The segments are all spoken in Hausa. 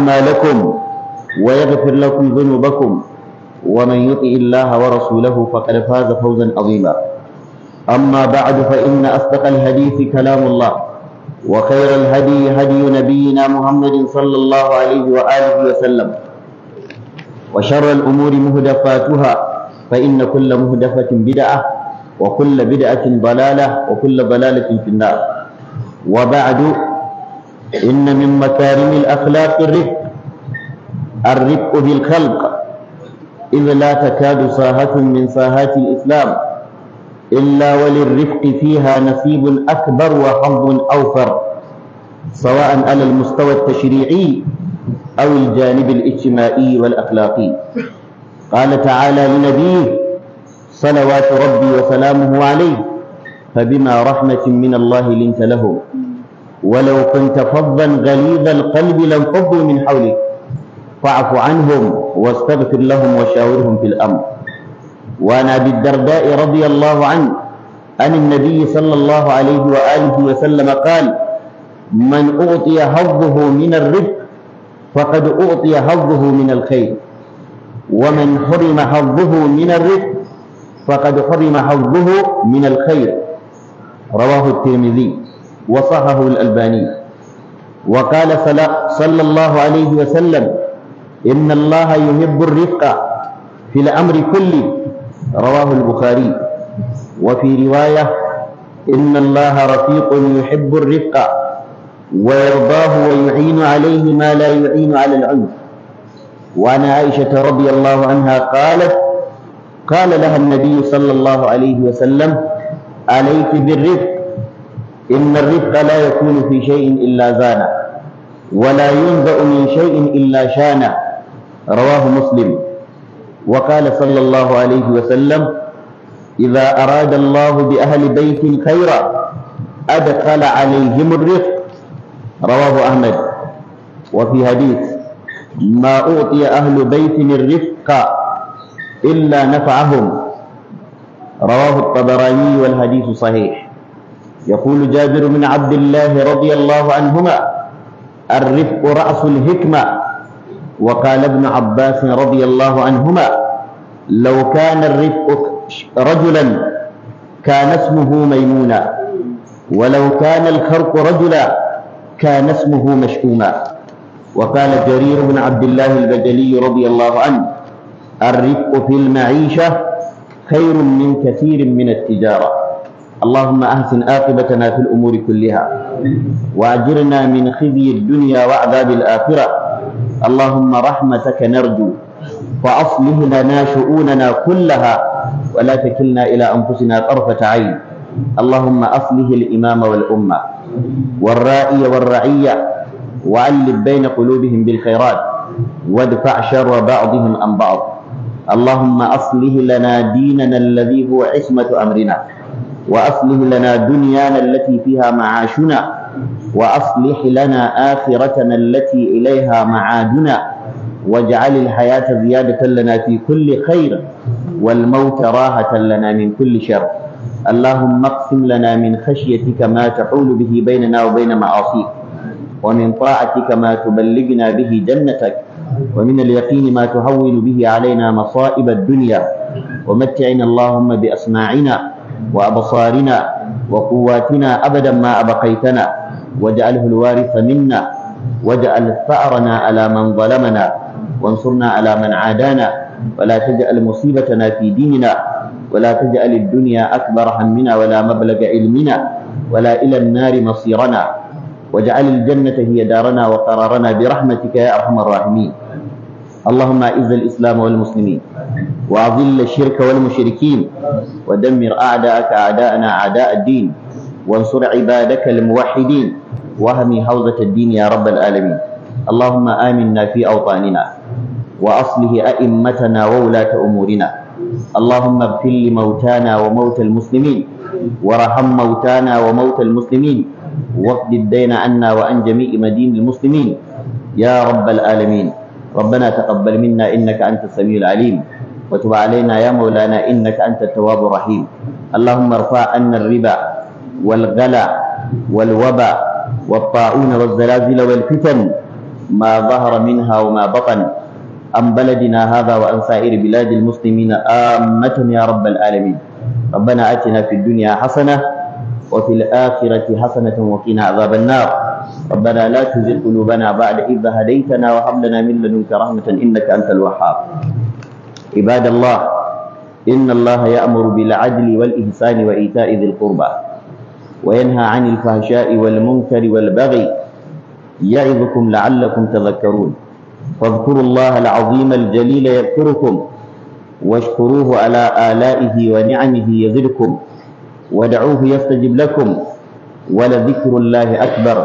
ما لكم ويغفر لكم ذنوبكم ومن يطع الله ورسوله فقد فاز فوزا عظيما أما بعد فإن أصدق الحديث كلام الله وخير الهدي هدي نبينا محمد صلى الله عليه وآله وسلم وشر الأمور مهدفاتها فإن كل مهدفة بدعة وكل بدعة ضلالة وكل ضلالة في النار وبعد إن من مكارم الأخلاق الرفق الرفق بالخلق إذ لا تكاد ساهة من ساهات الإسلام إلا وللرفق فيها نصيب أكبر وحظ أوفر سواء على المستوى التشريعي أو الجانب الاجتماعي والأخلاقي قال تعالى لنبيه صلوات ربي وسلامه عليه فبما رحمة من الله لنت لهم ولو كنت فظا غليظ القلب لانفضوا من حولك فاعف عنهم واستغفر لهم وشاورهم في الأمر وانا أبي الدرداء رضي الله عنه عن النبي صلى الله عليه وآله وسلم قال من أعطي حظه من الرزق فقد أعطي حظه من الخير ومن حرم حظه من الرزق فقد حرم حظه من الخير رواه الترمذي وصحه الألباني وقال صلى الله عليه وسلم إن الله يحب الرفق في الأمر كله رواه البخاري وفي رواية إن الله رفيق يحب الرفق ويرضاه ويعين عليه ما لا يعين على العنف وعن عائشة رضي الله عنها قالت قال لها النبي صلى الله عليه وسلم عليك بالرفق إن الرفق لا يكون في شيء إلا زانا ولا ينزأ من شيء إلا شانا رواه مسلم وقال صلى الله عليه وسلم إذا أراد الله بأهل بيت خيرا أدخل عليهم الرفق رواه أحمد وفي حديث ما أعطي أهل بيت الرفق إلا نفعهم رواه الطبراني والحديث صحيح يقول جابر بن عبد الله رضي الله عنهما الرفق رأس الحكمة وقال ابن عباس رضي الله عنهما لو كان الرفق رجلا كان اسمه ميمونا ولو كان الخرق رجلا كان اسمه مشؤوما وقال جرير بن عبد الله البجلي رضي الله عنه الرفق في المعيشة خير من كثير من التجارة اللهم أحسن عاقبتنا في الأمور كلها وأجرنا من خزي الدنيا وعذاب الآخرة اللهم رحمتك نرجو وأصلح لنا شؤوننا كلها ولا تكلنا إلى أنفسنا طرفة عين اللهم أصلح الإمام والأمة والرائي والرعية وعلب بين قلوبهم بالخيرات وادفع شر بعضهم عن بعض اللهم أصلح لنا ديننا الذي هو عصمة أمرنا وأصلح لنا دنيانا التي فيها معاشنا وأصلح لنا آخرتنا التي إليها معادنا واجعل الحياة زيادة لنا في كل خير والموت راحة لنا من كل شر اللهم اقسم لنا من خشيتك ما تحول به بيننا وبين معاصيك ومن طاعتك ما تبلغنا به جنتك ومن اليقين ما تهون به علينا مصائب الدنيا ومتعنا اللهم بأسماعنا وأبصارنا وقواتنا أبدا ما أبقيتنا واجعله الوارث منا واجعل ثأرنا على من ظلمنا وانصرنا على من عادانا ولا تجعل مصيبتنا في ديننا ولا تجعل الدنيا أكبر همنا ولا مبلغ علمنا ولا إلى النار مصيرنا واجعل الجنة هي دارنا وقرارنا برحمتك يا أرحم الراحمين اللهم أعز الإسلام والمسلمين وأذل الشرك والمشركين ودمر أعداءك أعداءنا أعداء الدين وانصر عبادك الموحدين وهم حوزة الدين يا رب العالمين اللهم آمنا في أوطاننا وأصله أئمتنا وولاة أمورنا اللهم اغفر لموتانا وموتى المسلمين وارحم موتانا وموتى المسلمين واقض الدين عنا وعن جميع مدين المسلمين يا رب العالمين ربنا تقبل منا إنك أنت السميع العليم وتب علينا يا مولانا إنك أنت التواب الرحيم اللهم ارفع عنا الربا والغلا والوبا والطاعون والزلازل والفتن ما ظهر منها وما بطن عن بلدنا هذا وعن سائر بلاد المسلمين آمة يا رب العالمين ربنا آتنا في الدنيا حسنة وفي الآخرة حسنة وقنا عذاب النار ربنا لا تزغ قلوبنا بعد إذ هديتنا وهب لنا من لدنك رحمة إنك أنت الوهاب عباد الله إن الله يأمر بالعدل والإحسان وإيتاء ذي القربى وينهى عن الفحشاء والمنكر والبغي يعظكم لعلكم تذكرون فاذكروا الله العظيم الجليل يذكركم واشكروه على آلائه ونعمه يزدكم ودعوه يستجب لكم ولذكر الله أكبر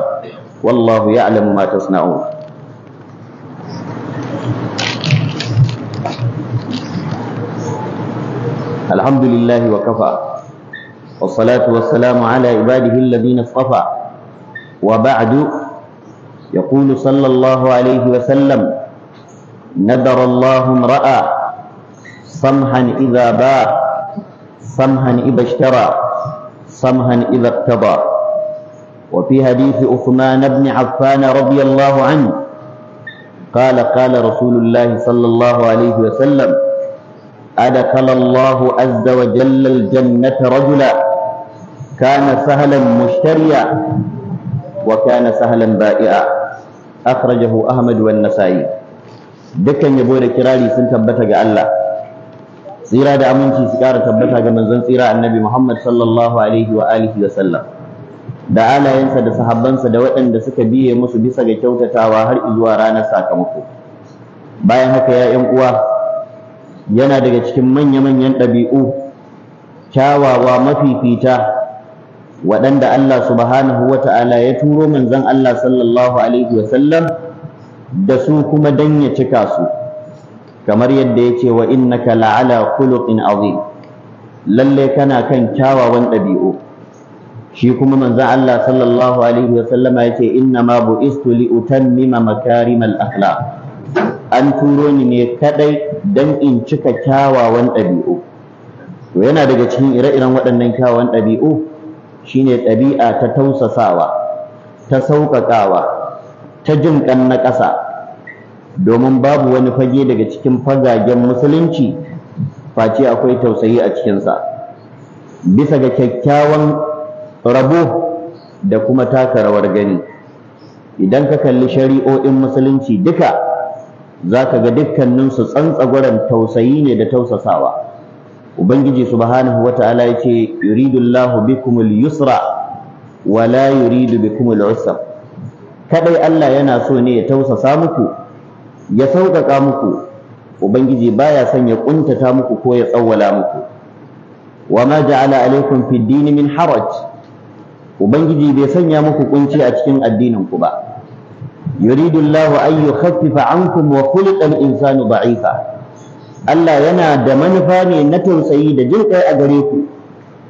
والله يعلم ما تصنعون الحمد لله وكفى والصلاة والسلام على عباده الذين اصطفى وبعد يقول صلى الله عليه وسلم نذر الله امرأ سمحا إذا باع سمحا إذا اشترى سمحا إذا اقتضى وفي حديث عثمان بن عفان رضي الله عنه قال قال رسول الله صلى الله عليه وسلم أدخل الله عز وجل الجنة رجلا كان سهلا مشتريا وكان سهلا بائعا أخرجه أحمد والنسائي dukkan yabo da kirari sun tabbata ga Allah tsira da aminci su ƙara tabbata ga manzon tsira annabi Muhammad sallallahu alaihi wa alihi wa sallam da alayensa da sahabbansa da waɗanda suka biye musu bisa ga kyautatawa har zuwa ranar sakamako bayan haka ya ‘yan uwa yana daga cikin manya-manyan ɗabi'u kyawawa mafifita waɗanda Allah subhanahu wa ta'ala ya turo manzon Allah sallallahu alaihi wasallam da su kuma dan ya cika su kamar yadda ya ce wa innaka la'ala khuluqin azim lalle kana kan kyawawan ɗabi'u shi kuma manzon Allah sallallahu alaihi wa sallama yace inna ma bu'istu li utammima makarimal akla. an turo ni ne kadai dan in cika kyawawan ɗabi'u to yana daga cikin ire-iren waɗannan kyawawan ɗabi'u shine ɗabi'a ta tausasawa ta sauƙaƙawa ta jin ƙan na ƙasa domin babu wani fage daga cikin fagagen musulunci face akwai tausayi a cikinsa bisa ga kyakkyawan rabo da kuma taka rawar gani idan ka kalli shari'o'in musulunci duka za ka ga dukkaninsu tsantsagwaren tausayi ne da tausasawa ubangiji subhanahu wata'ala ya ce yuridullahu al yusra wa la yuridu al usra kadai Allah yana so ne ya tausasa muku ya sauƙaƙa muku ubangiji baya son ya kuntata muku ko ya tsawwala muku wa ma ja'ala alaikum fid din min haraj ubangiji bai sanya muku kunci a cikin addinin ku ba yuridu Allahu an yukhaffifa ankum wa insanu da'ifa Allah yana da manufa ne na tausayi da jin kai a gare ku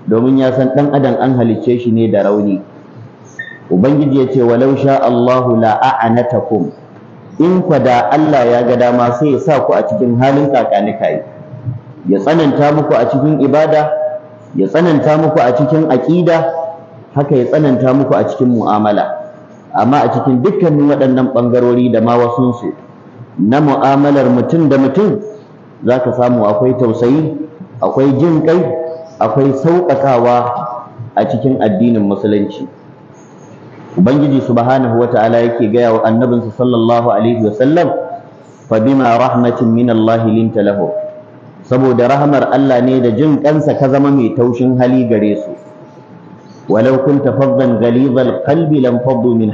domin ya san dan adam an halicce shi ne da rauni ubangiji ya ce walau sha Allahu la a'anatakum in kwa da Allah ya ga dama sai ya sa ku a cikin halin kakanikai ya tsananta muku a cikin ibada ya tsananta muku a cikin aƙida haka ya tsananta muku a cikin mu'amala amma a cikin dukkanin waɗannan ɓangarori da ma wasunsu na mu'amalar mutum da mutum za ka samu akwai tausayi akwai jin kai akwai sauƙaƙawa a cikin addinin musulunci ubangiji subhanahu wata'ala yake gaya wa annabinsa sallallahu alaihi wasallam fa bima rahmatin min Allah linta lahu saboda rahmar Allah ne da jin kansa ka zama mai taushin hali gare su walau kunta faddan ghalizal qalbi lam faddu min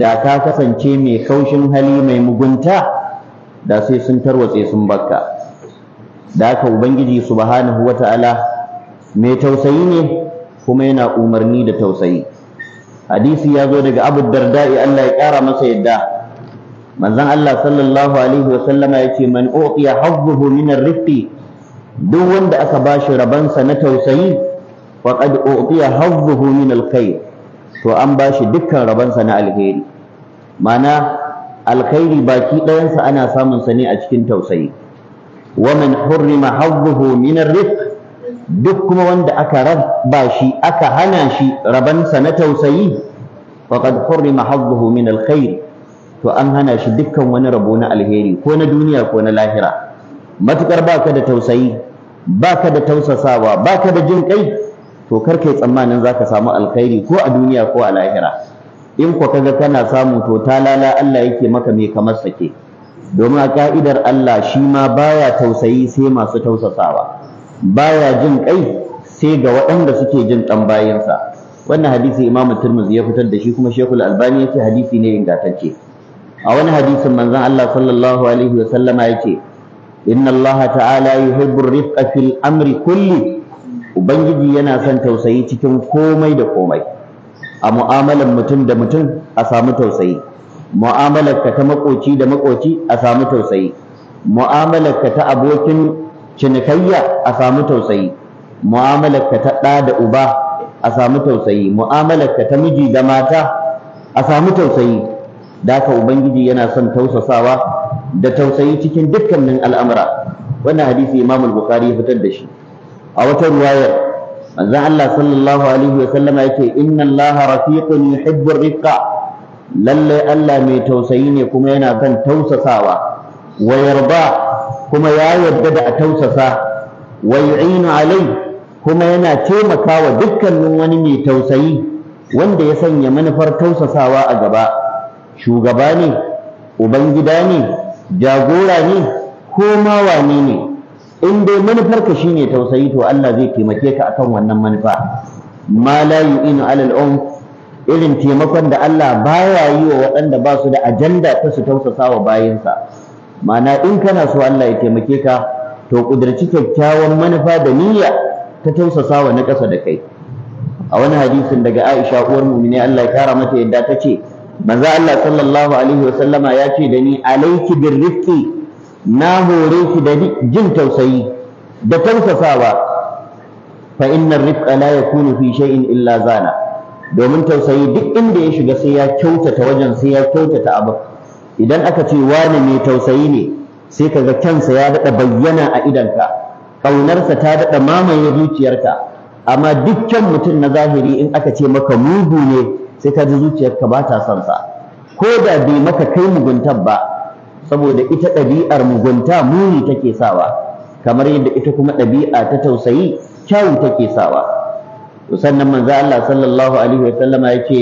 da ka kasance mai kaushin hali mai mugunta da sai sun tarwatse sun bakka da haka ubangiji subhanahu wata'ala mai tausayi ne kuma yana umarni da tausayi hadisi ya zo daga abu darda'i Allah ya ƙara masa yadda manzon Allah sallallahu alaihi wa sallama yace man uqiya hazzuhu min ar duk wanda aka bashi rabansa na tausayi faqad u'tiya hazzuhu min alkhair to an bashi dukkan rabansa na alheri mana alkhairi baki ɗayansa ana samun sa ne a cikin tausayi wa man hurrima hazzuhu min duk kuma wanda aka raba shi aka hana shi rabansa na tausayi faqad hurrima hazzuhu min alkhair to an hana shi dukkan wani rabo na alheri ko na duniya ko na lahira matukar baka da tausayi baka da tausasawa baka da jin kai to kar kai tsammanin za ka samu alkhairi ko a duniya ko a lahira in ko kaga kana samu to talala Allah yake maka mai kamar sake domin a ka'idar Allah shi ma baya tausayi sai masu tausasawa baya jin kai sai ga waɗanda suke jin ɗan bayansa wannan hadisi Imam Tirmidhi ya fitar da shi kuma Sheikhul Albani yace hadisi ne ingantacce a wani hadisin manzon Allah sallallahu alaihi wa sallama yace inna Allah ta'ala yuhibbu rifqa fil amri kulli ubangiji yana son tausayi cikin komai da komai a mu'amalar mutum da mutum a samu tausayi mu'amalar ka ta makoci da makoci a samu tausayi mu'amalar ka ta abokin cinikayya a samu tausayi mu'amalar ka ta ɗa da uba a samu tausayi mu'amalar ka ta miji da mata a samu tausayi daka ubangiji yana son tausasawa da tausayi cikin dukkanin al'amura wannan hadisi imamul bukhari ya fitar da shi a wata ruwayar manzon Allah sallallahu alaihi wa sallama yake inna Allah rafiqun yuhibbu rifqa lalle Allah mai tausayi ne kuma yana kan tausasawa wa yarda kuma ya yarda da a tausasa wa yu'inu alai kuma yana taimakawa dukkanin wani mai tausayi wanda ya sanya manufar tausasawa a gaba shugaba ne ubangida ne jagora ne ko ma wane ne in dai manufarka shine tausayi to Allah zai taimake ka akan wannan manufa ma la yu'inu alal um irin taimakon da Allah baya yi wa waɗanda ba su da ajanda ta su tausasa wa bayinsa ma'ana in kana so Allah ya taimake ka to kudurci kyakkyawan manufa da niyya ta tausasa wa na ƙasa da kai a wani hadisin daga Aisha uwar mu'mini Allah ya kara mata yadda ta ce manzo Allah sallallahu alaihi wasallama ya ce da ni alayki birrifqi na hore shi da jin tausayi da tausasawa fa inna rifqa la yakunu fi shay'in illa zana domin tausayi duk inda ya shiga sai ya kyautata wajen sai ya kyautata abu idan aka ce wani mai tausayi ne sai kaga kansa ya daɗa bayyana a idanka ƙaunarsa ta daɗa mamaye zuciyarka amma dukkan mutum na zahiri in aka ce maka mugu ne sai ka ji zuciyarka ba ta son sa ko da bai maka kai muguntar ba saboda ita ɗabi'ar mugunta muni take sawa kamar yadda ita kuma ɗabi'a ta tausayi kyau take sawa sannan manzo Allah sallallahu alaihi wa sallama yace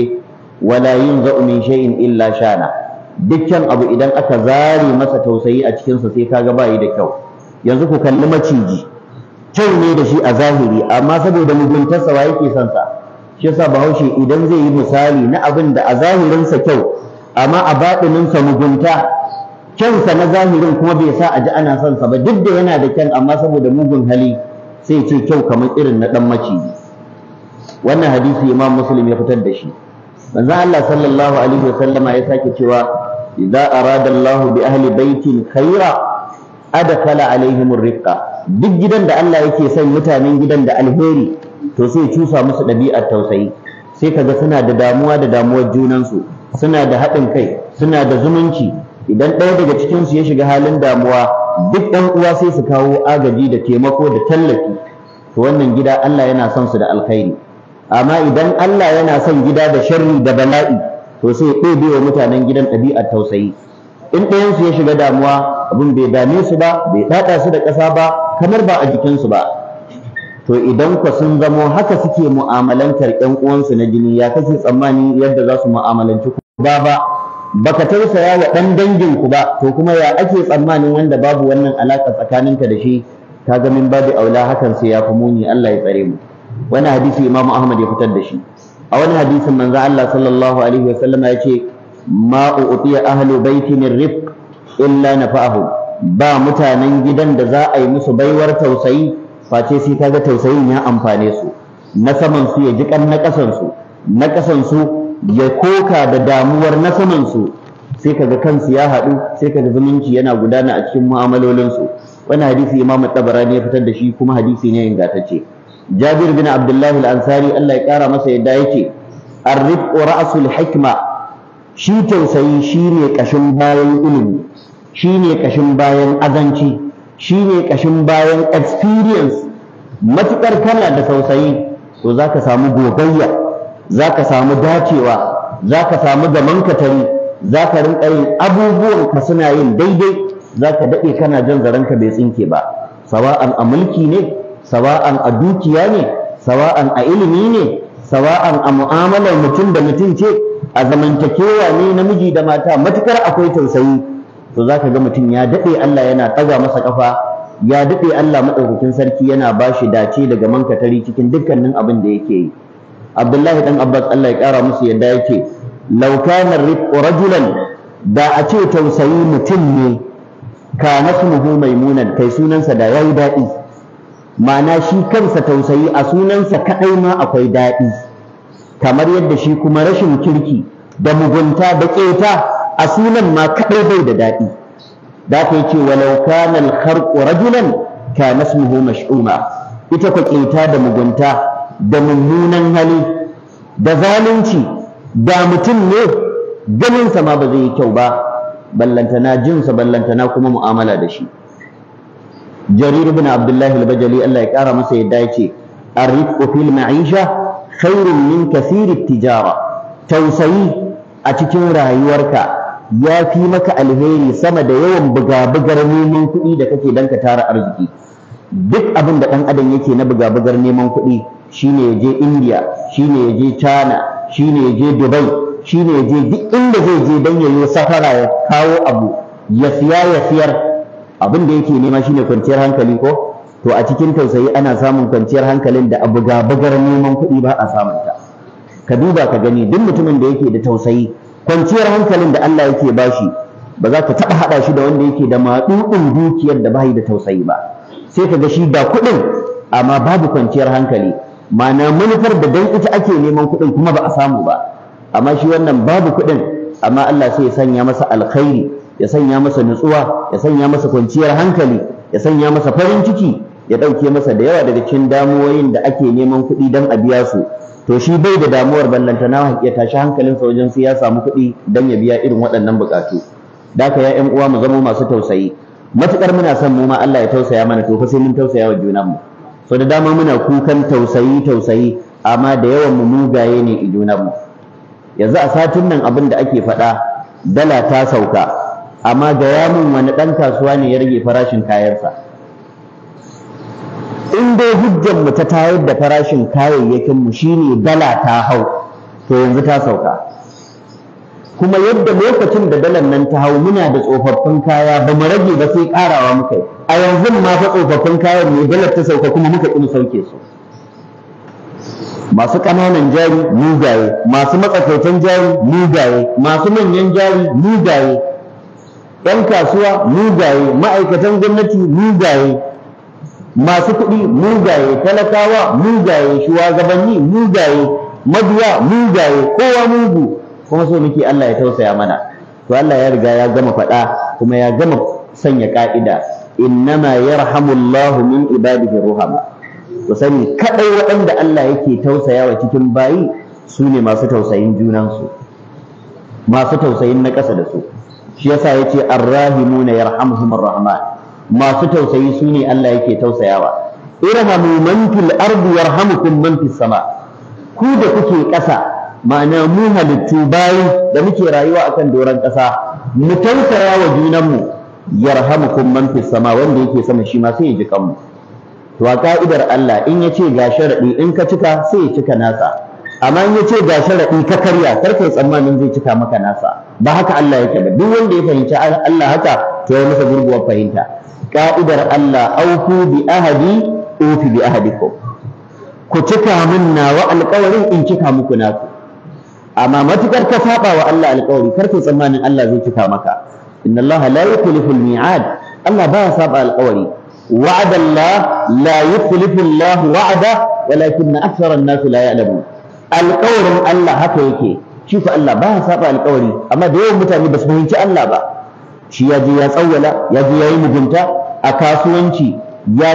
wala yunza'u min shay'in illa shana dukkan abu idan aka zare masa tausayi a cikin sa sai kaga bai da kyau yanzu ku kalli maciji kyau ne da shi a zahiri amma saboda muguntarsa wa yake son sa shi yasa bahaushe idan zai yi misali na abin da a zahirinsa kyau amma a baɗininsa mugunta kyansa na zahirin kuma bai sa a ji ana son sa ba duk da yana da kyan amma saboda mugun hali sai ce kyau kamar irin na dan maciji wannan hadisi imam muslim ya fitar da shi manzo Allah sallallahu alaihi wasallama ya sake cewa idza arada Allah bi ahli baitin khaira adkhala alaihim riqqa duk gidan da Allah yake son mutanen gidan da alheri to sai cusa musu ɗabi'ar tausayi sai kaga suna da damuwa da damuwar junansu suna da haɗin kai suna da zumunci idan ɗaya daga cikinsu ya shiga halin damuwa duk ɗan uwa sai su kawo agaji da taimako da tallafi to wannan gida Allah yana son su da alkhairi amma idan Allah yana son gida da sharri da bala'i to sai ya ɗebe wa mutanen gidan ɗabi'ar tausayi in ɗayansu ya shiga damuwa abin bai dame su ba bai ɗaɗa su da ƙasa ba kamar ba a jikinsu ba to idan ku sun zamo haka suke mu'amalantar ƴan uwansu na jini ya kace tsammani yadda za su mu'amalanci ku ba ba baka tausaya wa ɗan danginku ba to kuma ya ake tsammanin wanda babu wannan alaƙa tsakaninka da shi ka ga min babu aula hakan sai ya fi muni Allah ya tsare mu wani hadisi Imam Ahmad ya fitar da shi a wani hadisin manzo Allah sallallahu alaihi wa sallama ya ce ma u'tiya ahlu baiti min rifq illa nafa'ahu ba mutanen gidan da za a yi musu baiwar tausayi face sai kaga tausayin ya amfane su na saman su ya ji kan na kasan su na kasan su ya koka da damuwar na samansu sai kaga kansu ya haɗu sai kaga zumunci yana gudana a cikin mu'amalolinsu wani hadisi imamu tabarani ya fitar da shi kuma hadisi ne ingantacce jabir bin abdullahi al-ansari Allah ya kara masa yadda yake ar-rifqu ra'sul hikma shi tausayi shine kashin bayan ilimi shine kashin bayan azanci shine kashin bayan experience matukar kana da tausayi to zaka samu gogayya za ka samu dacewa za ka samu zaman katari za ka rinka yin abubuwan ka suna yin daidai za ka daɗe kana jan ka bai tsinke ba sawa'an a mulki ne sawa'an a dukiya ne sawa'an a ilimi ne sawa'an a mu'amalar mutum da mutum ce a zamantakewa ne namiji da mata matukar akwai tausayi to za ka ga mutum ya daɗe Allah yana ɗaga masa ƙafa ya daɗe Allah maɗaukakin sarki yana ba shi dace daga mankatari cikin dukkanin abin da yake yi Abdullahi dan Abbas Allah ya kara musu yadda yake law kana rajulan da a ce tausayi mutum ne ka mai maimunan kai sunansa da yayi daɗi ma'ana shi kansa tausayi a sunansa kadai ma akwai daɗi kamar yadda shi kuma rashin kirki da mugunta da keta a sunan ma kadai bai da daɗi da ka yace walau kana al-kharqu rajulan ka nasmuhu mash'uma ita ko keta da mugunta da mummunan hali da zalunci da mutum ne ganinsa ma ba zai yi kyau ba ballantana jinsa ballantana kuma mu'amala da shi jarir ibn abdullahi al-bajali Allah ya kara masa yadda yake arrifqu fil ma'isha khairun min kathiri tijara tausayi a cikin rayuwarka ya fi maka alheri sama da yawan buga-bugar neman kuɗi da kake dan ka tara arziki duk abin da ɗan adam yake na buga-bugar neman kuɗi shine ya je India ne ya je China ne ya je Dubai ne ya je duk inda zai je dan ya yi safara ya kawo abu ya siya ya siyar abin da yake nema shi ne kwanciyar hankali ko to a cikin tausayi ana samun kwanciyar hankalin da abu ga bugar neman kuɗi ba a samun ka duba ka gani duk mutumin da yake da tausayi kwanciyar hankalin da Allah yake bashi ba za ka taɓa haɗa shi da wanda yake da maɗuɗin dukiyar da ba da tausayi ba sai ka ga shi da kuɗin amma babu kwanciyar hankali ma'ana manufar da dan ita ake neman kuɗin kuma ba a samu ba amma shi wannan babu kuɗin amma Allah sai ya sanya masa alkhairi ya sanya masa nutsuwa ya sanya masa kwanciyar hankali ya sanya masa farin ciki ya ɗauke masa da yawa daga cikin damuwoyin da ake neman kuɗi dan a biya su to shi bai da damuwar ballantana ya tashi hankalinsa wajen sai ya samu kuɗi dan ya biya irin waɗannan buƙatu daka ya ƴan uwa mu zama masu tausayi matukar muna son mu ma Allah ya tausaya mana to fa sai mun tausaya wa junanmu mu so da dama muna kukan tausayi tausayi amma da yawan mu mugaye ne mu yanzu a satin nan abin da ake faɗa dala ta sauka amma ga yamin wani ɗan kasuwa ne ya rage farashin kayansa in dai hujjar mu ta tayar da farashin kayayyakin mu shine dala ta hau to yanzu ta sauka kuma yadda lokacin da dalar nan ta hau muna da tsofaffin kaya ba mu rage ba sai karawa muka yi a yanzu ma fa tsofaffin kayan ne dalar ta sauka kuma muka ƙin sauke su masu ƙananan jari mugaye masu matsakaitan jari mugaye masu manyan jari mugaye ɗan kasuwa mugaye ma'aikatan gwamnati mugaye masu kuɗi mugaye talakawa mugaye shugabanni mugaye maduwa mugaye kowa mugu kuma so muke Allah ya tausaya mana to Allah ya riga ya gama faɗa kuma ya gama sanya ƙa'ida innama yarhamullahu min ibadihi ruhama ku sani kadai waɗanda Allah yake tausayawa cikin bayi su ne masu tausayin junansu masu tausayin na ƙasa da su shi yasa yace arrahimuna yarhamuhumur rahman masu tausayi su ne Allah yake tausayawa irhamu man fil ardi yarhamukum man fis sama ku da kuke ƙasa ma'ana mu halittu bayi da muke rayuwa akan doron ƙasa mu tausaya wa junanmu yarhamukum man fis sama wanda yake sama shi ma sai ya ji kanmu to a ka'idar Allah in yace ce ga sharadi in ka cika sai ya cika nasa amma in yace ce ga sharadi ka karya kar kai tsammanin zai cika maka nasa ba haka Allah yake ba duk wanda ya fahimci Allah haka to ya masa gurguwar fahimta ka'idar Allah auku bi ahadi ufi bi ahadikum ku cika min nawa alƙawarin in cika muku naku amma matukar ka saba wa Allah alƙawari kar tsammanin Allah zai cika maka inna allaha la yukhlifu al-mi'ad Allah ba saba alƙawari wa'ada Allah la yukhlifu Allah wa'ada walakin akthara an-nas la ya'lamun alƙawarin Allah haka yake shi fa Allah ba saba alƙawari amma da yawan mutane ba su fahimci Allah ba shi ya je ya tsawwala ya je ya mugunta a kasuwanci ya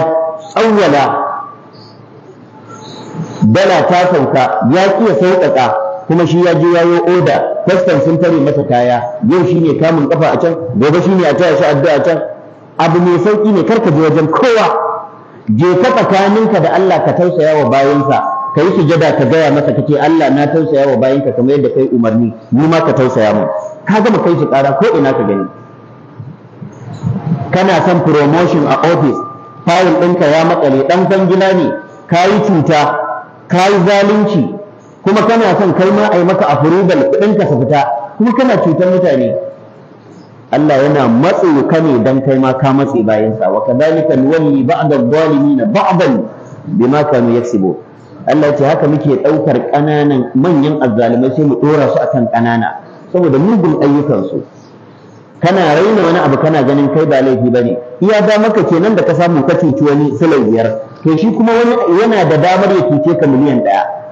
tsawwala dala ta sauka ya ƙi sauƙaƙa kuma shi ya je ya yayo oda kwastan sun tare masa kaya yau shi kamun kafa a can gobe shine ne a taya shi a can abu mai sauki ne karka je wajen kowa je ka tsakaninka da Allah ka tausaya wa bayansa ka yi sujada ka gaya masa kace Allah na tausaya wa bayanka kamar yadda kai umarni ni ma ka tausaya mu ka gama kai shi kara ko ina ka gani kana son promotion a office fayil ɗinka ya makale ɗan kwangila ne ka yi cuta ka yi zalunci kuma kana son kai ma a yi maka approval kuɗin ka su fita kuma kana cutar mutane Allah yana matse ka ne dan kai ma ka matse bayansa wa kadhalika nuwalli ba'd adh-dhalimin ba'dan bima kanu yaksubu Allah ce haka muke ɗaukar ƙananan manyan azzalimai sai mu dora su akan ƙanana saboda mugun ayyukansu kana raina wani abu kana ganin kai ba laifi bane iya damar ka kenan da ka samu ka cuci wani sulai biyar to shi kuma wani yana da damar ya cuce ka miliyan ɗaya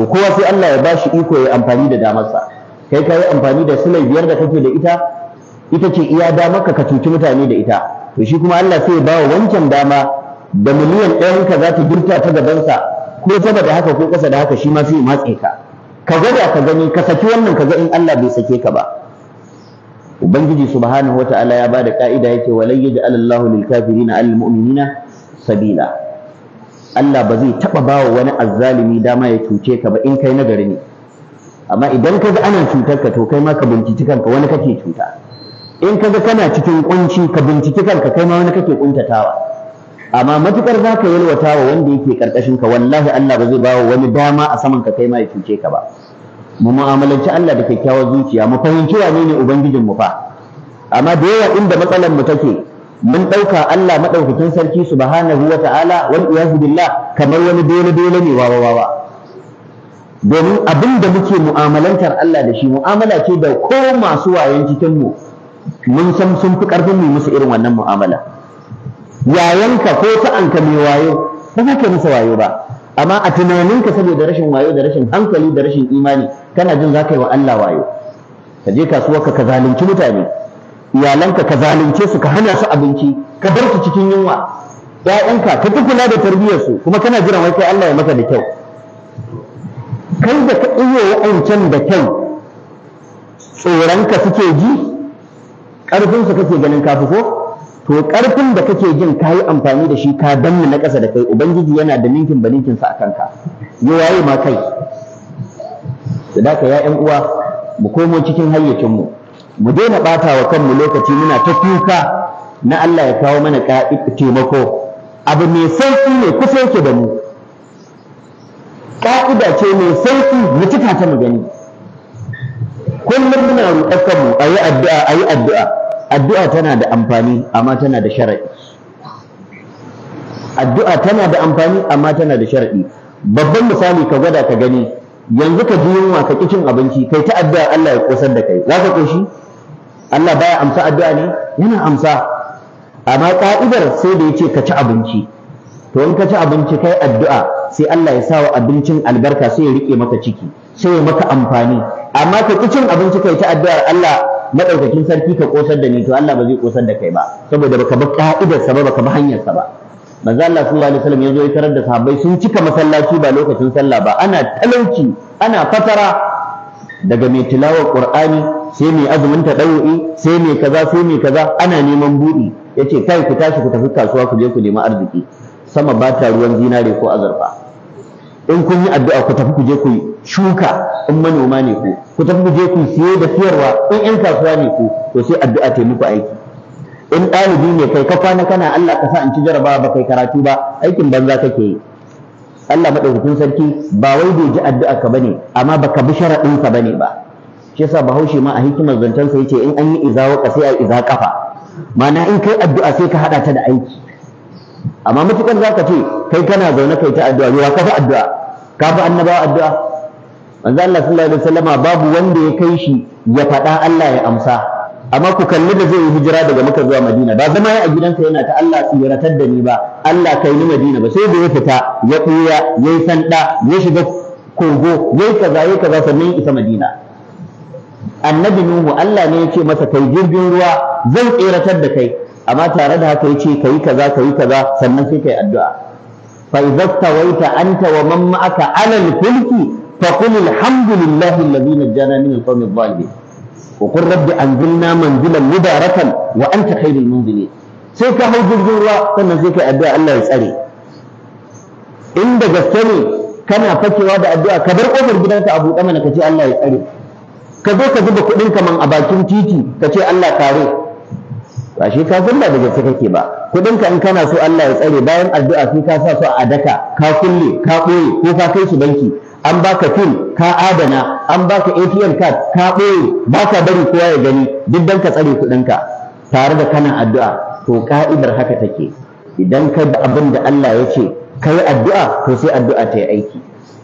to kowa sai Allah ya bashi iko ya amfani da damarsa kai ka yi amfani da sulai biyar da kake da ita ita ce iya damarka ka cuci mutane da ita to shi kuma Allah sai ya bawa wancan dama da miliyan ka za ta girta ta gabansa ko sama da haka ko ƙasa da haka shi ma sai ya matse ka ka gaba ka gani ka saki wannan ka ga in Allah bai sake ka ba ubangiji subhanahu wataala ya bada ka'ida yake walan yaj'al Allahu lil na mu'minina sabila Allah ba zai taɓa ba wani azzalimi dama ya cuce ka ba in kai nagari ne amma idan ka ga ana cutar ka to kai ma ka binciki kanka wani kake cuta in ka ga kana cikin kunci ka binciki kanka kai ma wani kake kuntatawa amma matukar za ka yalwata wa wanda yake karkashin ka wallahi Allah ba zai ba wani dama a saman ka kai ma ya cuce ka ba mu mu'amalanci Allah da kyakkyawar zuciya mu fahimci wane ne ubangijin mu fa amma da yawa inda matsalar mu take mun ɗauka Allah maɗaukakin sarki subhanahu wa ta'ala wal iyazu billah kamar wani dole dole ne wawa wawa domin abin da muke mu'amalantar Allah da shi mu'amala ce da ko masu wayan cikin mu mun san sun fi karfin mu musu irin wannan mu'amala yayanka ko sa'anka mai wayo ba za ka musu wayo ba amma a tunaninka saboda rashin wayo da rashin hankali da rashin imani kana jin za ka yi wa Allah wayo ka je ka, ka zalunci mutane iyalanka ka zalunce su ka hana su abinci ka bar su cikin yunwa ‘ya'yanka ka kula da tarbiyyarsu kuma kana jiran wai kai Allah ya maka da kyau kai da ka iya wa'ancan da kyau tsoronka suke ji ƙarfinsu kake ganin kafi ko to ƙarfin da kake jin ka yi amfani da shi ka danna na ƙasa da kai ubangiji yana da ninkin ba ninkin sa a kanka yi waye ma kai da ka ya ‘yan uwa mu komo cikin mu. mu daina ɓata wa kanmu lokaci muna ta kuka na Allah ya kawo mana taimako abu mai sauki ne kusa yake da mu ƙa'ida ce mai sauki mu cika ta mu gani kullum muna roƙar kanmu a yi addu'a a yi addu'a addu'a tana da amfani amma tana da sharaɗi addu'a tana da amfani amma tana da sharaɗi babban misali ka gwada ka gani yanzu ka ji yunwa ka ƙi cin abinci kai ta addu'a Allah ya ƙosar da kai za ka ƙoshi Allah baya amsa addu'a ne yana amsa amma ka'idar sai da yace ka ci abinci to in ka ci abinci kai addu'a sai Allah ya sawa abincin albarka sai ya rike maka ciki sai ya maka amfani amma ka ci cin abinci kai ta addu'ar Allah madaukakin sarki ka kosar da ni to Allah ba zai kosar da kai ba saboda baka ba ka'idar sa ba baka ba hanyar sa ba manzo Allah sallallahu alaihi wasallam yazo ya tarar da sahabbai sun cika masallaci ba lokacin sallah ba ana talauci ana fatara daga mai tilawar ƙur'ani, sai mai azumin tadawi sai mai kaza sai mai kaza ana neman budi yace kai ku tashi ku tafi kasuwa ku je ku nemi arziki sama ba ta ruwan zinare ko azurfa in kun yi addu'a ku tafi ku je ku shuka in manoma ne ku ku tafi ku je ku siye da siyarwa in ƴan kasuwa ne ku to sai addu'a ta muku aiki in ɗalibi ne kai ka kwana kana Allah ka sa in ci jarabawa ba kai karatu ba aikin banza kake yi Allah madaukakin sarki ba wai bai ji addu'a ka bane amma baka bi sharadin ka bane ba shi yasa bahaushe ma a hikimar zantan sa ce in an yi izawa ka sai a iza kafa ma'ana in kai addu'a sai ka hada ta da aiki amma za zaka ce kai kana zaune kai ta addu'a ruwa ka fi addu'a ka fi annabawa addu'a manzo Allah sallallahu alaihi wasallama babu wanda ya kai shi ya faɗa Allah ya amsa amma ku kalli da zai yi hijira daga maka zuwa madina ba zama ya a gidansa yana ta Allah tsiratar da ni ba Allah kai ni madina ba sai da ya fita ya ɓuya ya yi sanda ya shiga kogo ya yi kaza ya kaza sannan isa madina annabi nuhu Allah ne ya ce masa kai jirgin ruwa zan tsiratar da kai amma tare da haka ya ce kai kaza kai kaza sannan sai kai addu'a fa idza tawaita anta wa man ma'aka ala fulki fa qul alhamdulillahi alladhi najjana min al-qawmi adh-dhalimin وقل رب أنزلنا منزلا مباركا وأنت خير المنزلين sai ka hau jirgin ruwa sannan sai ka addu'a Allah ya tsare in da gaske ne kana fakewa da addu'a ka bar kofar gidanka a buɗe mana ka ce Allah ya tsare ka zo ka zuba kuɗin kaman a bakin titi ka ce Allah kare ba shi ka gulla da gaske kake ba kuɗin ka in kana so Allah ya tsare bayan addu'a sai ka sa su a daka ka kulle ka ɓoye ko ka kai su banki an baka fil ka adana an baka ATM card ka ɓoye ba ka bari kowa ya gani duk dan ka tsare kuɗinka tare da kana addu'a to ka'idar haka take idan ka da abin da Allah ya ce ka yi addu'a to sai addu'a ta yi aiki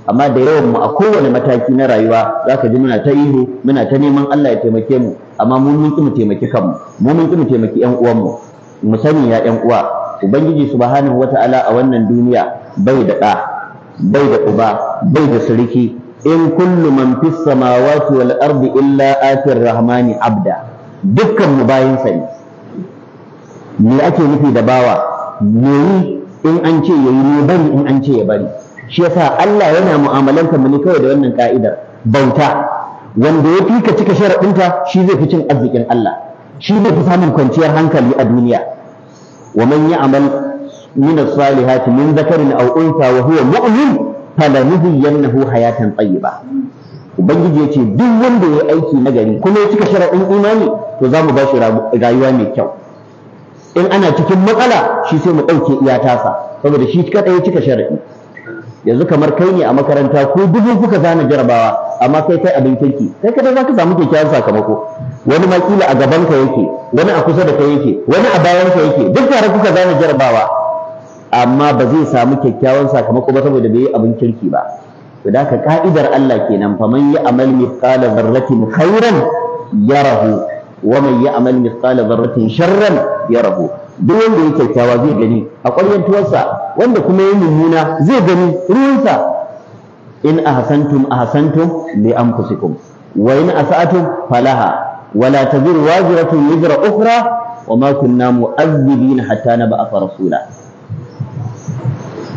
amma da yawan mu a kowane mataki na rayuwa za ka ji muna ta ihu muna ta neman Allah ya taimake mu amma mun mun mu taimaki kanmu mun mun mu taimaki ƴan uwanmu mu sani ya ƴan uwa ubangiji subhanahu wata'ala a wannan duniya bai da ɗa bai da uba bai da sarki in kullu man fis samawati wal ardi illa atir rahmani abda dukkan mu bayin sa ne me ake nufi da bawa yayi in an ce yayi ne bari in an ce ya bari shi yasa Allah yana mu'amalanta mu ne kawai da wannan ka'idar bauta wanda ya fika ka cika sharaɗinta shi zai fi cin arzikin Allah shi zai fi samun kwanciyar hankali a duniya wa man ya amal min as-salihati min dhakarin aw unsa wa huwa mu'min ya hayatan tayyiba ubangiji yace duk wanda ya aiki nagari kuma ya cika sharaɗin imani to za mu ba shi rayuwa mai kyau in ana cikin matsala shi sai mu ɗauke iya tasa saboda shi kaɗai ya cika sharaɗi yanzu kamar kai ne a makaranta ko dubu kuka zana jarabawa amma kai kai abin kirki kai kada za ka samu kyakkyawan sakamako wani ma a gaban ka yake wani a kusa da kai yake wani a bayan ka yake duk tare kuka zana jarabawa amma ba zai samu kyakkyawan sakamako ba saboda bai yi abin kirki ba to da ka ka'idar Allah kenan fa man yi amal mithqala dharratin khairan yarahu wa man yi amal mithqala dharratin sharran yarahu duk wanda ya kyakkyawa zai gani a ƙwaryen tuwarsa wanda kuma ya mummuna zai gani ruwansa in ahsantum ahsantum li anfusikum wa in asa'atum falaha wala taziru waziratun wizra ukhra وما كنا مؤذبين حتى نبعث رسولا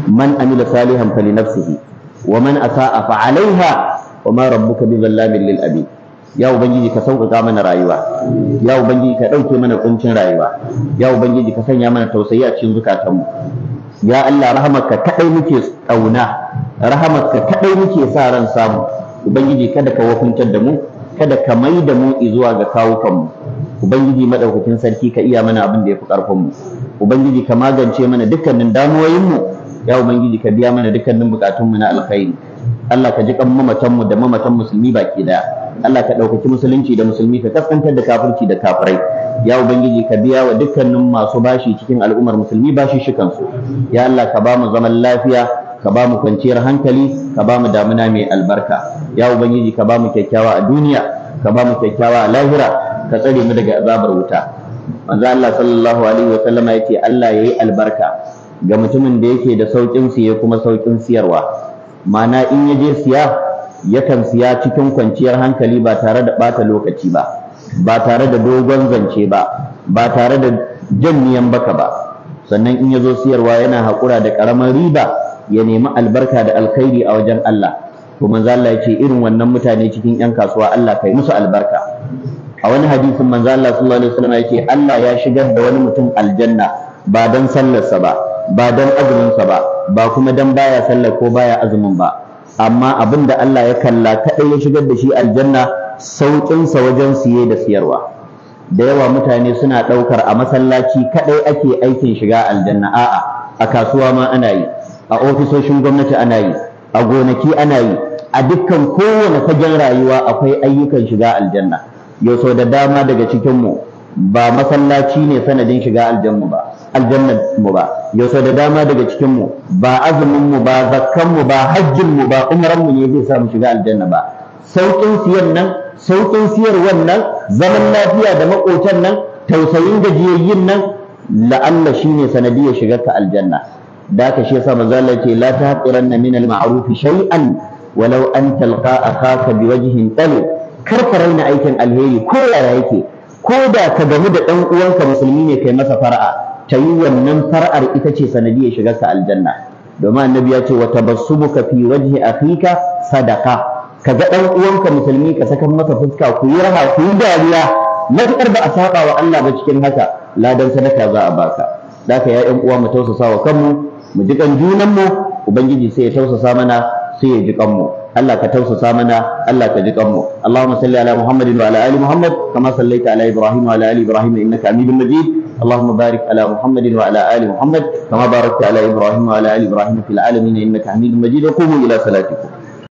man amila salihan fali nafsihi wa man asa'a fa alaiha wa zallamin ya ubangiji ka sauƙaƙa mana rayuwa ya ubangiji ka ɗauke mana kuncin rayuwa ya ubangiji ka sanya mana tausayi a cikin zukatanmu ya Allah rahamarka kadai muke tsauna rahamarka kadai muke sa ran samu ubangiji kada ka wakuntar da mu kada ka mai da mu zuwa ga kawukanmu ubangiji madaukakin sarki ka iya mana abin da ya fi mu ubangiji ka magance mana dukkanin mu. ya ubangiji ka biya mana dukkanin bukatunmu na alkhairi Allah ka ji kan da mamatan musulmi baki daya Allah ka ɗaukaki musulunci da musulmi ka kaskantar da kafirci da kafirai ya ubangiji ka biya wa dukkanin masu bashi cikin al'ummar musulmi bashi shikansu ya Allah ka ba mu zaman lafiya ka ba mu kwanciyar hankali ka ba mu damuna mai albarka ya ubangiji ka ba mu kyakkyawa a duniya ka ba mu kyakkyawa a lahira ka tsare mu daga azabar wuta manzo Allah sallallahu alaihi wa sallama yace Allah yayi albarka ga mutumin da yake da sauƙin siye kuma sauƙin siyarwa mana in ya je siya yakan siya cikin kwanciyar hankali ba tare da ɓata lokaci ba ba tare da dogon zance ba ba tare da jan niyan baka ba sannan in ya zo siyarwa yana haƙura da ƙaramar riba ya nemi albarka da alkhairi a wajen Allah to manzo Allah ya irin wannan mutane cikin 'yan kasuwa Allah kai musu albarka a wani hadisin manzo Allah sallallahu alaihi wasallam ya ce Allah ya shigar da wani mutum aljanna ba dan sallarsa ba ba don azuminsa ba ba kuma don baya sallar ko baya azumin ba amma abin da Allah ya kalla kaɗai ya shigar da shi aljanna sauƙinsa wajen siye da siyarwa da yawa mutane suna ɗaukar a masallaci kaɗai ake aikin shiga aljanna a'a a kasuwa ma ana yi a ofisoshin gwamnati ana yi a gonaki ana yi a dukkan kowane fagen rayuwa akwai ayyukan shiga aljanna yau sau da dama daga cikinmu ba masallaci ne sanadin shiga aljanmu ba aljannan mu ba yaushe da dama daga cikin mu ba azumin mu ba zakkan mu ba hajjin mu ba umran mu ne zai sa shiga aljanna ba saukin siyar nan saukin siyar wannan zaman lafiya da makotan nan tausayin gajiyayyin nan la'alla shine sanadiyar shiga ka aljanna da ka shi yasa manzo Allah ce la na min al-ma'ruf shay'an walau an talqa akhaka biwajhin tal kar ka raina aikin alheri ko yara yake ko da ka gamu da ɗan uwanka musulmi ne kai masa fara'a ta yi wannan far'ar ita ce sanadiyar sa aljanna domin annabi ya ce wa tabassumuka fi wajhi akhika sadaqa ka ga dan uwanka musulmi ka saka masa fuska ku yi raha ku yi dariya matukar ba a saba wa Allah ba cikin haka ladan sadaka za a baka daka ya yan uwa mu tausasa wa kanmu mu ji kan junan mu ubangiji sai ya tausasa mana sai ya ji kanmu Allah ka tausasa mana Allah ka ji kanmu Allahumma salli ala Muhammadin wa ala ali Muhammad kama sallaita ala Ibrahim wa ala ali Ibrahim innaka Hamidum Majid Allahumma barik ala Muhammadin wa ala ali Muhammad kama barakta ala Ibrahim wa ala ali Ibrahim fil alamin innaka Hamidum Majid wa qumu ila salatikum